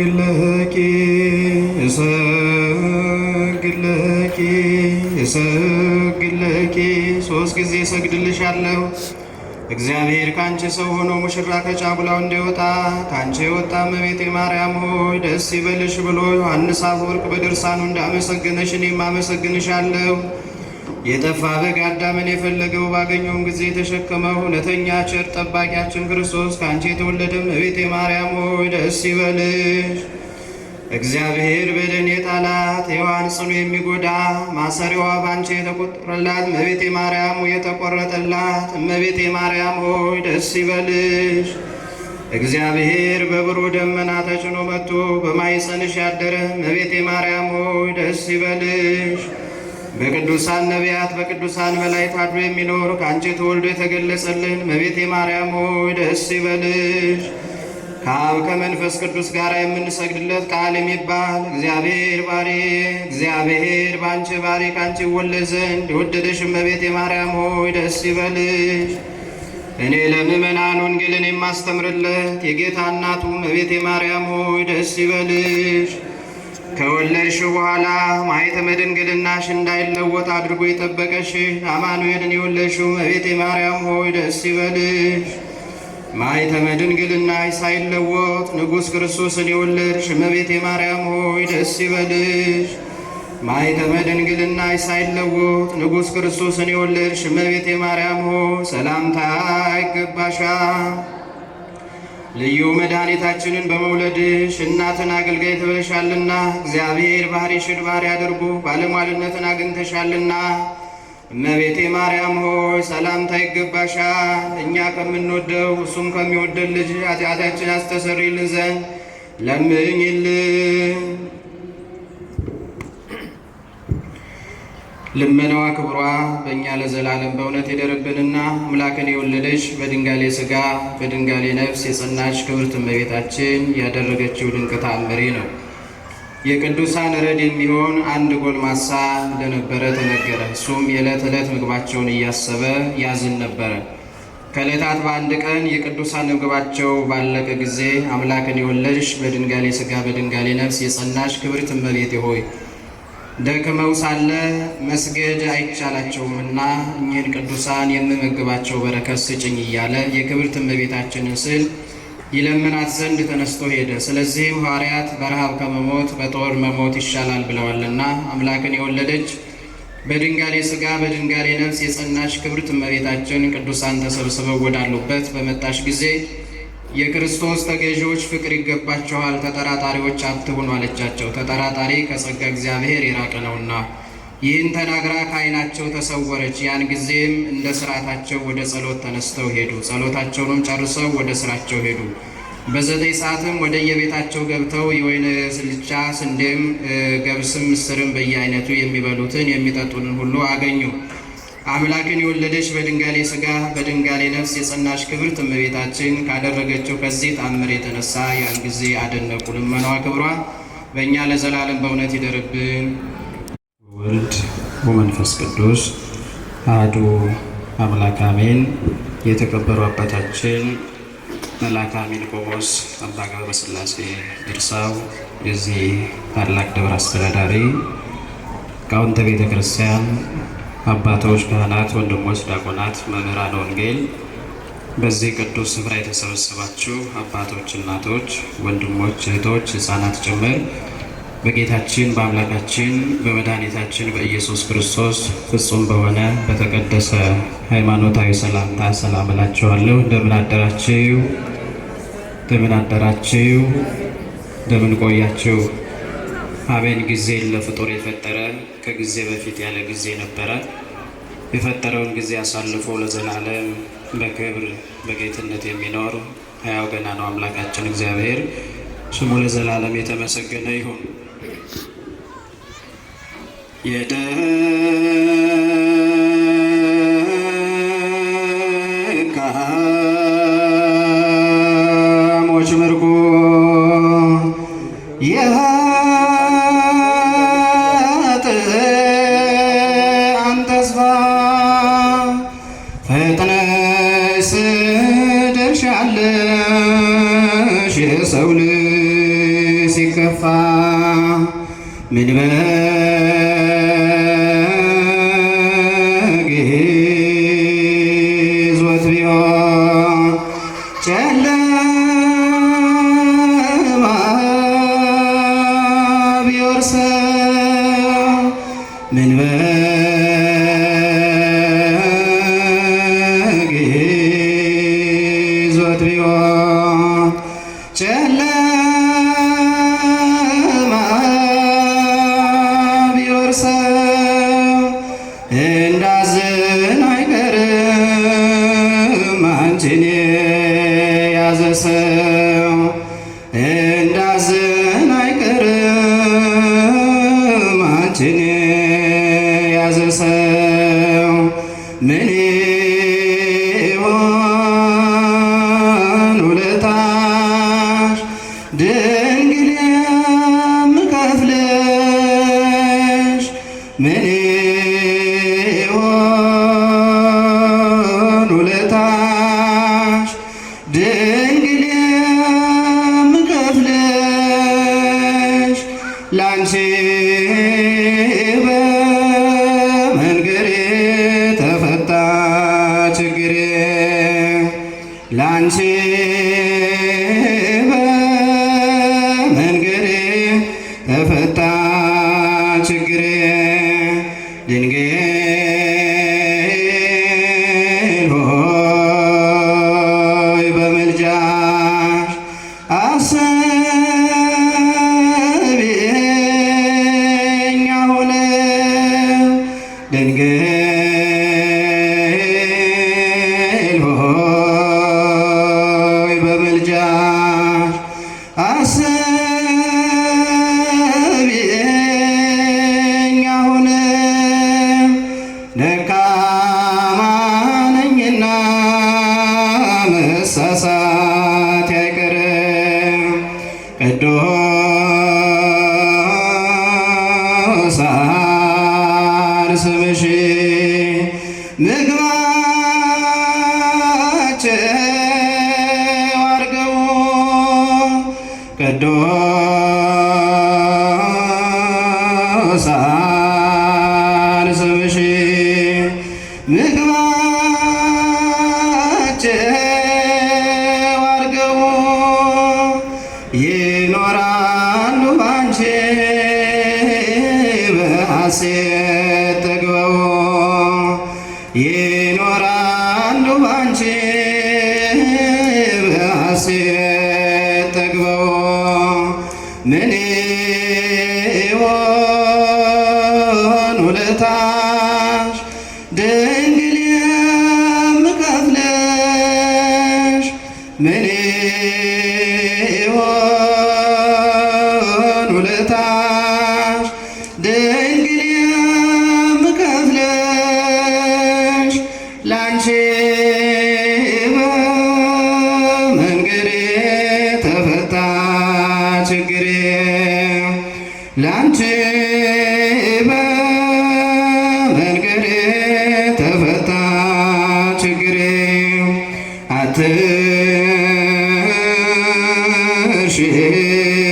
እሰግድልኪ እሰግድልኪ እሰግድልኪ ሶስት ጊዜ እሰግድልሻለሁ። እግዚአብሔር ካንቺ ሰው ሆኖ ሙሽራ ከጫጉላው እንዲወጣ ካንቺ የወጣ እመቤቴ ማርያም ሆይ ደስ ይበልሽ ብሎ ዮሐንስ አፈወርቅ በድርሳኑ እንዳመሰገነሽ እኔም አመሰግንሻለሁ። የጠፋ በግ አዳምን የፈለገው ባገኘውን ጊዜ የተሸከመው እውነተኛ ቸር ጠባቂያችን ክርስቶስ ከአንቺ የተወለደም እቤቴ ማርያም ሆይ ደስ ይበልሽ። እግዚአብሔር በደን የጣላት ሔዋን ጽኑ የሚጎዳ ማሰሪዋ ባንቺ የተቆጠረላት እመቤቴ ማርያም የተቆረጠላት እመቤቴ ማርያም ሆይ ደስ ይበልሽ። እግዚአብሔር በብሩህ ደመና ተጭኖ መጥቶ በማይሰንሽ ያደረ እመቤቴ ማርያም ሆይ ደስ ይበልሽ። በቅዱሳን ነቢያት በቅዱሳን መላእክት አድሮ የሚኖር ከአንቺ ተወልዶ የተገለጸልን መቤቴ ማርያም ሆይ ደስ ይበልሽ። ከአብ ከመንፈስ ቅዱስ ጋር የምንሰግድለት ቃል የሚባል እግዚአብሔር ባሪ እግዚአብሔር በአንቺ ባሪ ከአንቺ ይወለድ ዘንድ የወደደሽ መቤቴ ማርያም ሆይ ደስ ይበልሽ። እኔ ለምእመናን ወንጌልን የማስተምርለት የጌታ እናቱ መቤቴ ማርያም ሆይ ደስ ይበልሽ። ከወለድሽ በኋላ ማኅተመ ድንግልናሽ እንዳይለወጥ አድርጎ የጠበቀሽ አማኑኤልን የወለድሽው እመቤቴ ማርያም ሆይ ደስ ይበልሽ። ማኅተመ ድንግልናሽ ሳይለወጥ ንጉሥ ክርስቶስን የወለድሽ እመቤቴ ማርያም ሆይ ደስ ይበልሽ። ማኅተመ ድንግልናሽ ሳይለወጥ ንጉሥ ክርስቶስን የወለድሽ እመቤቴ ማርያም ሆይ ሰላምታ ይገባሻል። ልዩ መድኃኒታችንን በመውለድሽ እናትን አገልጋይ ትበለሻልና እግዚአብሔር ሽድ ባህሪ አድርጎ ባለሟልነትን አግኝተሻልና እመቤቴ ማርያም ሆይ ሰላምታ ይገባሻ እኛ ከምንወደው እሱም ከሚወደድ ልጅ ኃጢአታችን አስተሰሪልን ዘንድ ለምኝልን። ልመናዋ ክብሯ በእኛ ለዘላለም በእውነት የደረብንና አምላክን የወለደች በድንጋሌ ስጋ በድንጋሌ ነፍስ የጸናች ክብርት እመቤታችን ያደረገችው ድንቅ ተአምር ነው። የቅዱሳን ረድ የሚሆን አንድ ጎልማሳ እንደነበረ ተነገረ። እሱም የዕለት ዕለት ምግባቸውን እያሰበ ያዝን ነበረ። ከዕለታት በአንድ ቀን የቅዱሳን ምግባቸው ባለቀ ጊዜ አምላክን የወለድሽ በድንጋሌ ስጋ በድንጋሌ ነፍስ የጸናሽ ክብርት እመቤቴ ሆይ ደክመው ሳለ መስገድ አይቻላቸውምና እኚህን ቅዱሳን የምመግባቸው በረከት ስጭኝ እያለ የክብርት እመቤታችንን ስል ይለምናት ዘንድ ተነስቶ ሄደ። ስለዚህም ሐዋርያት በረሃብ ከመሞት በጦር መሞት ይሻላል ብለዋልና አምላክን የወለደች በድንጋሌ ሥጋ በድንጋሌ ነፍስ የጸናች ክብርት እመቤታችን ቅዱሳን ተሰብስበው ወዳሉበት በመጣሽ ጊዜ የክርስቶስ ተገዢዎች ፍቅር ይገባችኋል፣ ተጠራጣሪዎች አትሁኑ አለቻቸው። ተጠራጣሪ ከጸጋ እግዚአብሔር የራቀ ነውና። ይህን ተናግራ ከዓይናቸው ተሰወረች። ያን ጊዜም እንደ ስርዓታቸው ወደ ጸሎት ተነስተው ሄዱ። ጸሎታቸውንም ጨርሰው ወደ ስራቸው ሄዱ። በዘጠኝ ሰዓትም ወደ የቤታቸው ገብተው የወይን ስልቻ፣ ስንዴም፣ ገብስም፣ ምስርም በየአይነቱ የሚበሉትን የሚጠጡትን ሁሉ አገኙ። አምላክን የወለደች በድንጋሌ ስጋ በድንጋሌ ነፍስ የጸናች ክብርት እመቤታችን ካደረገችው ከዚህ ተአምር የተነሳ ያን ጊዜ አደነቁ። ልመናዋ ክብሯ በእኛ ለዘላለም በእውነት ይደርብን። ወልድ ወመንፈስ ቅዱስ አህዱ አምላክ አሜን። የተከበሩ አባታችን መልአከ አሚን ቆሞስ አባ ገብረ ሥላሴ የዚህ ታላቅ ደብር አስተዳዳሪ ቃውንተ ቤተ ክርስቲያን አባቶች፣ ካህናት፣ ወንድሞች፣ ዲያቆናት፣ መምህራን ወንጌል በዚህ ቅዱስ ስፍራ የተሰበሰባችሁ አባቶች፣ እናቶች፣ ወንድሞች፣ እህቶች፣ ህፃናት ጭምር በጌታችን በአምላካችን በመድኃኒታችን በኢየሱስ ክርስቶስ ፍጹም በሆነ በተቀደሰ ሃይማኖታዊ ሰላምታ ሰላም እላችኋለሁ። እንደምን አደራችሁ? እንደምን አደራችሁ? እንደምን ቆያችሁ? አቤን ጊዜን ለፍጡር የፈጠረ ከጊዜ በፊት ያለ ጊዜ ነበረ። የፈጠረውን ጊዜ አሳልፎ ለዘላለም በክብር በጌትነት የሚኖር ሕያው ገና ነው አምላካችን እግዚአብሔር ስሙ ለዘላለም የተመሰገነ ይሁን። ሲከፋ ምን ሳላዝን አይቀርም አንቺን አንቺ በመንገዴ ተፈታ ችግሬ ላንቺ ቅዱሳን day Shri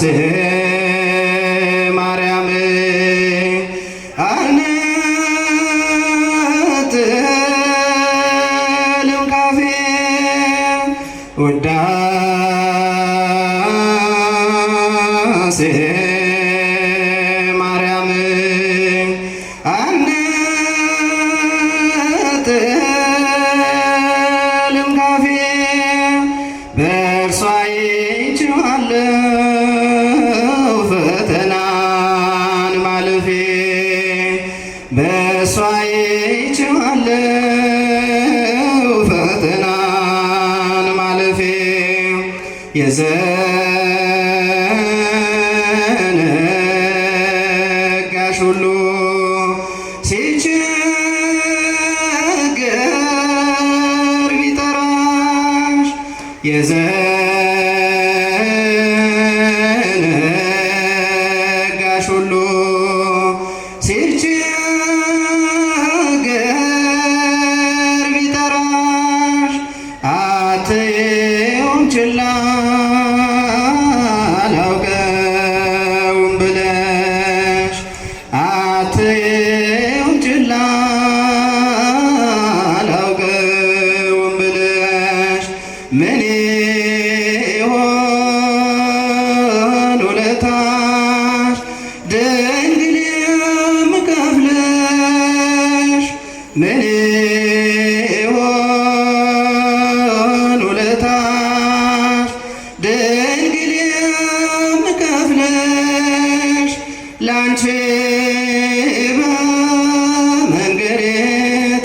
ሥላሴ አለው ፈተናን ማለፌ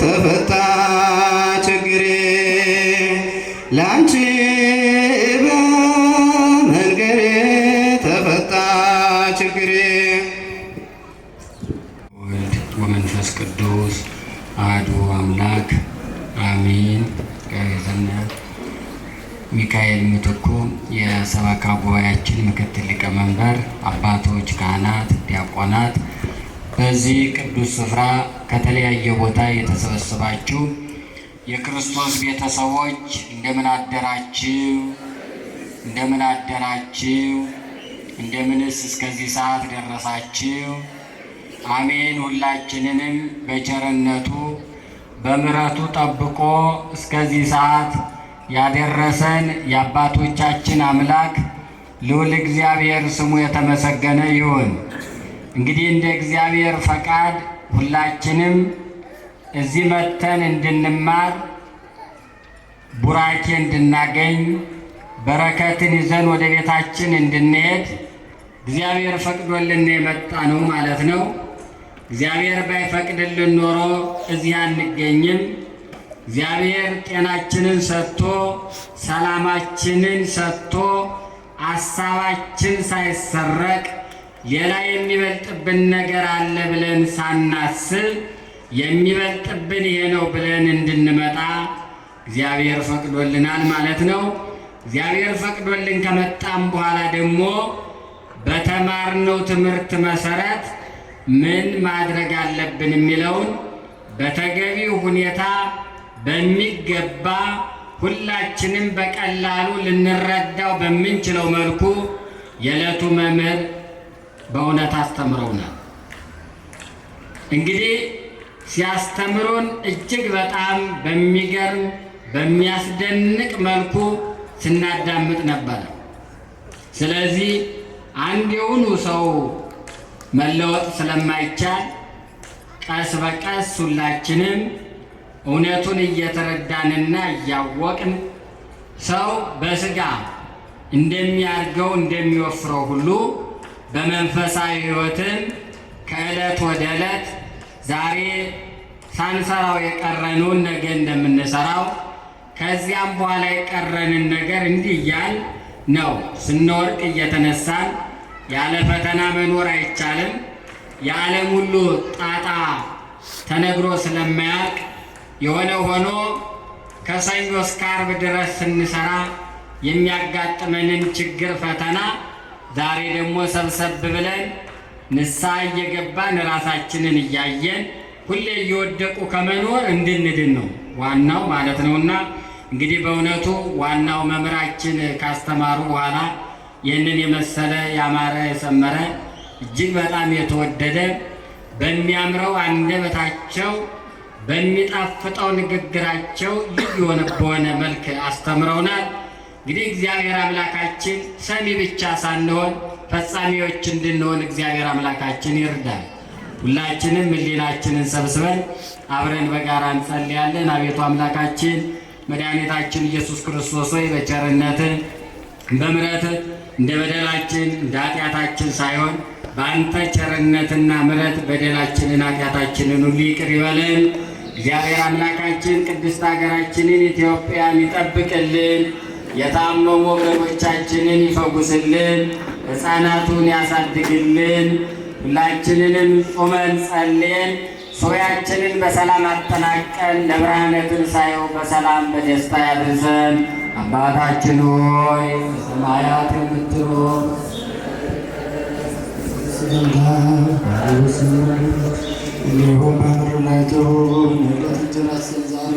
ተፈታ ችግሬ ላንቺ በመንገሬ ተፈታ ችግሬ። ወልድ ወመንፈስ ቅዱስ አሐዱ አምላክ አሜን። ጋዜጠኛ ሚካኤል ምትኩ የሰበካ ጉባኤያችን ምክትል ሊቀመንበር፣ አባቶች፣ ካህናት፣ ዲያቆናት በዚህ ቅዱስ ስፍራ ከተለያየ ቦታ የተሰበሰባችሁ የክርስቶስ ቤተሰቦች እንደምን አደራችሁ? እንደምን አደራችሁ? እንደምንስ እስከዚህ ሰዓት ደረሳችሁ? አሜን። ሁላችንንም በቸርነቱ በምሕረቱ ጠብቆ እስከዚህ ሰዓት ያደረሰን የአባቶቻችን አምላክ ልዑል እግዚአብሔር ስሙ የተመሰገነ ይሁን። እንግዲህ እንደ እግዚአብሔር ፈቃድ ሁላችንም እዚህ መተን እንድንማር ቡራኬ እንድናገኝ በረከትን ይዘን ወደ ቤታችን እንድንሄድ እግዚአብሔር ፈቅዶልን የመጣ ነው ማለት ነው። እግዚአብሔር ባይፈቅድልን ኖሮ እዚህ አንገኝም። እግዚአብሔር ጤናችንን ሰጥቶ ሰላማችንን ሰጥቶ አሳባችን ሳይሰረቅ ሌላ የሚበልጥብን ነገር አለ ብለን ሳናስብ የሚበልጥብን ይሄ ነው ብለን እንድንመጣ እግዚአብሔር ፈቅዶልናል ማለት ነው። እግዚአብሔር ፈቅዶልን ከመጣም በኋላ ደግሞ በተማርነው ትምህርት መሰረት ምን ማድረግ አለብን የሚለውን በተገቢው ሁኔታ በሚገባ ሁላችንም በቀላሉ ልንረዳው በምንችለው መልኩ የዕለቱ መምህር በእውነት አስተምረውናል። እንግዲህ ሲያስተምሩን እጅግ በጣም በሚገርም በሚያስደንቅ መልኩ ስናዳምጥ ነበረ። ስለዚህ አንድ የሆኑ ሰው መለወጥ ስለማይቻል ቀስ በቀስ ሁላችንም እውነቱን እየተረዳንና እያወቅን ሰው በስጋ እንደሚያርገው እንደሚወፍረው ሁሉ በመንፈሳዊ ህይወትን ከእለት ወደ ዕለት ዛሬ ሳንሰራው የቀረነውን ነገ እንደምንሰራው ከዚያም በኋላ የቀረንን ነገር እንዲህ እያል ነው ስንወርቅ እየተነሳን። ያለ ፈተና መኖር አይቻልም። የዓለም ሁሉ ጣጣ ተነግሮ ስለማያልቅ የሆነ ሆኖ ከሰኞ እስከ ዓርብ ድረስ ስንሰራ የሚያጋጥመንን ችግር ፈተና ዛሬ ደግሞ ሰብሰብ ብለን ንስሐ እየገባን ራሳችንን እያየን ሁሌ እየወደቁ ከመኖር እንድንድን ነው ዋናው ማለት ነውና እንግዲህ በእውነቱ ዋናው መምህራችን ካስተማሩ በኋላ ይህንን የመሰለ ያማረ የሰመረ እጅግ በጣም የተወደደ በሚያምረው አንደበታቸው በሚጣፍጠው ንግግራቸው ልዩ የሆነ በሆነ መልክ አስተምረውናል። እንግዲህ እግዚአብሔር አምላካችን ሰሚ ብቻ ሳንሆን ፈጻሚዎች እንድንሆን እግዚአብሔር አምላካችን ይርዳል። ሁላችንም ሕሊናችንን ሰብስበን አብረን በጋራ እንጸልያለን። አቤቱ አምላካችን መድኃኒታችን ኢየሱስ ክርስቶስ ሆይ በቸርነትህ በምሕረትህ እንደ በደላችን እንደ ኃጢአታችን ሳይሆን በአንተ ቸርነትና ምረት በደላችንን ኃጢአታችንን ሁሉ ይቅር ይበልን። እግዚአብሔር አምላካችን ቅድስት ሀገራችንን ኢትዮጵያን ይጠብቅልን። የታመሙ ወገኖቻችንን ይፈውስልን፣ ሕፃናቱን ያሳድግልን። ሁላችንንም ቁመን ጸልየን ሶያችንን በሰላም አጠናቀን ለብርሃነ ትንሣኤው በሰላም በደስታ ያድርሰን። አባታችን ሆይ በሰማያት የምትኖር እንዲሁም ባህር ላይ ነገር ትሁን ዛሬ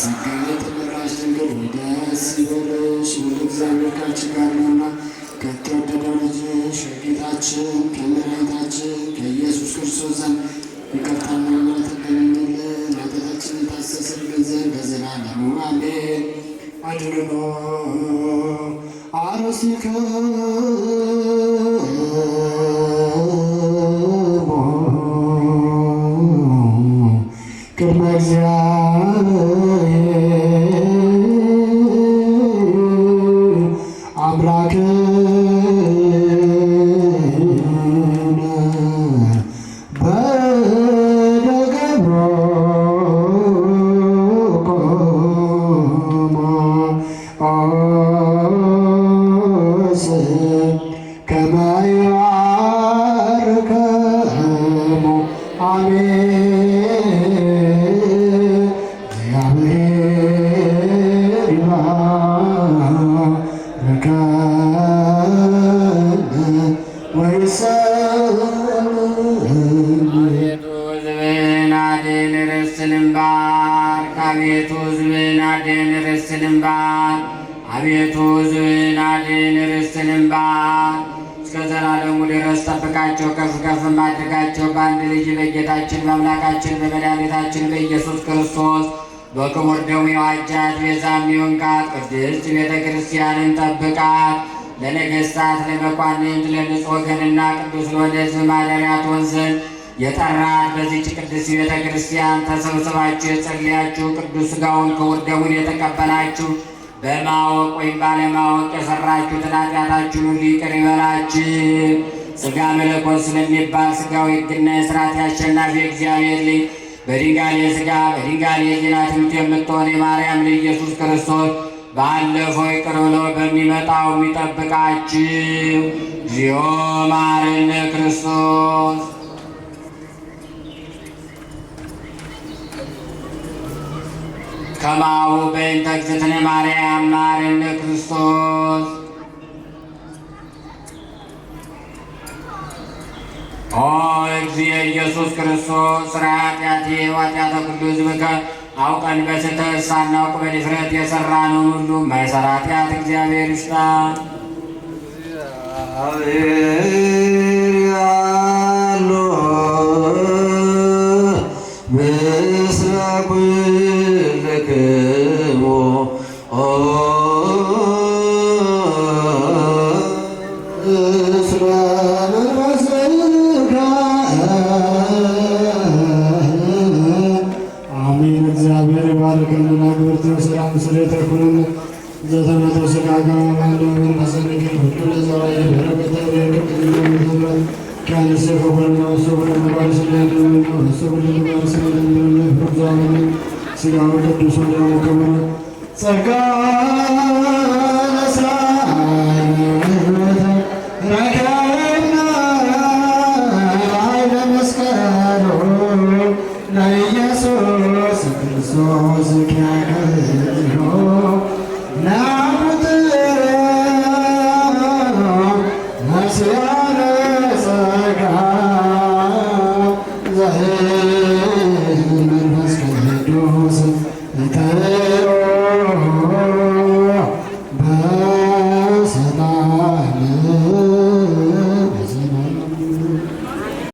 ጸጋን የተመላሽ ድንግል ደስ ይበልሽ፣ እግዚአብሔር ካንቺ ጋር ነውና ልጅሽ ከመድኃኒታችን ከኢየሱስ ክርስቶስ ዘንድ ይቅርታና ምሕረት ተገኝልን ኃጢአታችን ዘንድ በዘላለሙ አሜን። አድርኖ ቅድመ እግዚአ Oh. በማድረጋቸው በአንድ ልጅ በጌታችን በአምላካችን በመድኃኒታችን በኢየሱስ ክርስቶስ በክቡር ደሙ የዋጃት ቤዛሚውን ቃት ቅድስት ቤተ ክርስቲያንን ጠብቃት። ለነገሥታት ለመኳንንት ለንጹሕ ወገንና ቅዱስ ለሆነ ሕዝብ ማደሪያ ትሆን ዘንድ የጠራት በዚህች ቅድስት ቤተ ክርስቲያን ተሰብስባችሁ የጸለያችሁ ቅዱስ ሥጋውን ክቡር ደሙን የተቀበላችሁ በማወቅ ወይም ባለማወቅ የሰራችሁትን ኃጢአታችሁን ይቅር ይበላችሁ። ስጋ መለኮት ስለሚባል ሥጋው ሕግና የሥርዓት ያሸናፊ እግዚአብሔር ልጅ በድንጋሌ ሥጋ በድንጋሌ ዜና ትምት የምትሆን የማርያም ልጅ ኢየሱስ ክርስቶስ ባለፈው ይቅር ብሎ በሚመጣው የሚጠብቃችሁ እግዚኦ መሐረነ ክርስቶስ። ከማሁ በእንተ እግዝእትነ ማርያም መሐረነ ክርስቶስ ኦ እግዚእ ኢየሱስ ክርስቶስ ኃጢአቴ ወኃጢአተ ኩሉ ሕዝብከ አውቀን በስህተት ሳናውቅ በድፍረት የሠራነውን ሁሉ የማይሠራ ኃጢአት እግዚአብሔር ይስጣ።